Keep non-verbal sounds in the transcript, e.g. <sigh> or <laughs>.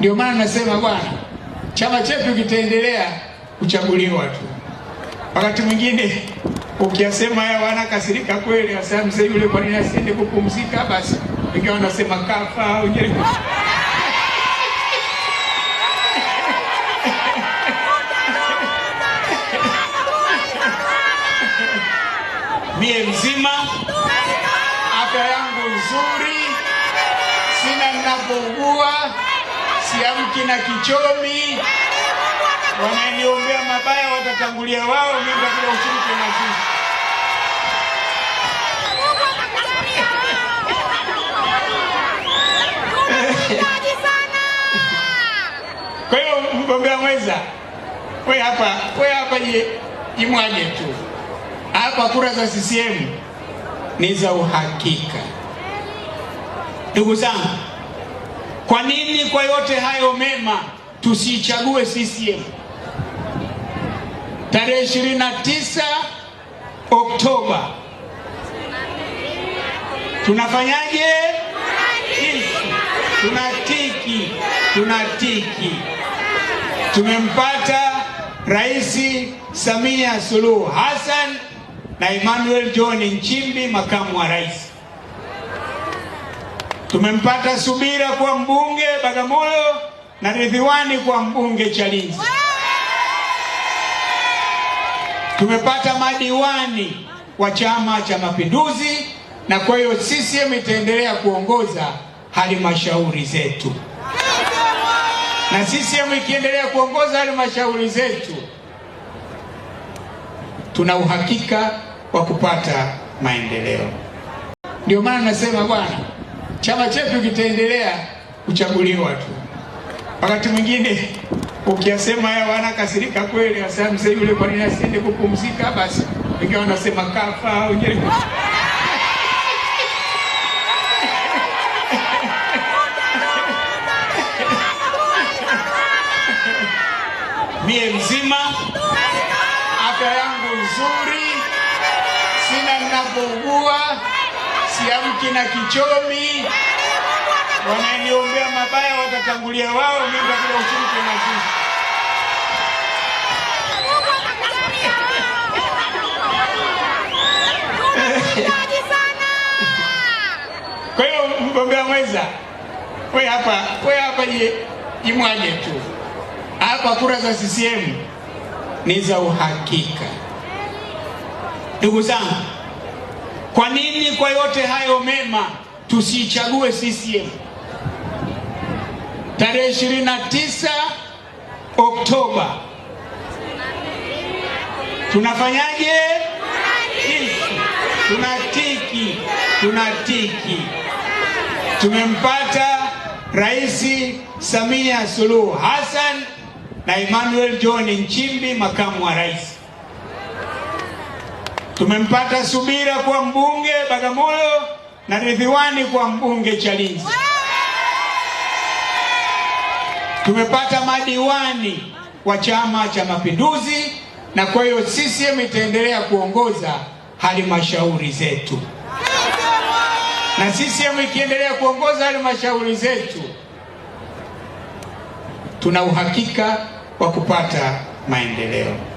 Ndio maana nasema bwana, chama chetu kitaendelea kuchaguliwa tu. Wakati mwingine ukiyasema haya kasirika kweli, asema mzee yule, kwa nini asiende kupumzika? Basi wengine wanasema kafa, wengine <laughs> mie mzima, afya yangu nzuri, sina ninapougua siamki na kichomi, wananiombea mabaya, watatangulia wao, mimi nitakuja ushiriki na sisi. Kwa hiyo mgombea mwenza, we hapa we hapa imwaje tu hapa, kura za CCM ni za uhakika, ndugu zangu. Kwa nini kwa yote hayo mema tusiichague CCM? Tarehe 29 Oktoba tunafanyaje? Tunatiki, tunatiki. Tumempata Rais Samia Suluhu Hassan na Emmanuel John Nchimbi, makamu wa rais. Tumempata Subira kwa mbunge Bagamoyo na Ridhiwani kwa mbunge chalinzi Tumepata madiwani wa Chama cha Mapinduzi, na kwa hiyo CCM itaendelea kuongoza halmashauri zetu, na CCM ikiendelea kuongoza halmashauri zetu, tuna uhakika wa kupata maendeleo. Ndio maana nasema bwana chama chetu kitaendelea kuchaguliwa tu. Wakati mwingine ukiyasema haya wanakasirika kweli, wasema mzee yule kwa nini asiende kupumzika? Basi wengine wanasema kafa, wengine mie mzima, afya yangu nzuri, sina ninapougua Kiamki na kichomi wananiombea mabaya, watatangulia wao, mimi nitakuja uchumi na sisi. Kwa hiyo mgombea mwenza, we hapa, we hapa tu hapa. Kura za CCM ni za uhakika, ndugu zangu. Kwa nini kwa yote hayo mema tusichague CCM? Tarehe 29 Oktoba tunafanyaje? Tunatiki, tunatiki. Tumempata Rais Samia Suluhu Hassan na Emmanuel John Nchimbi, makamu wa rais. Tumempata Subira kwa mbunge Bagamoyo na Ridhiwani kwa mbunge chalinzi Tumepata madiwani wa Chama cha Mapinduzi, na kwa hiyo CCM itaendelea kuongoza halmashauri zetu, na CCM ikiendelea kuongoza halmashauri zetu, tuna uhakika wa kupata maendeleo.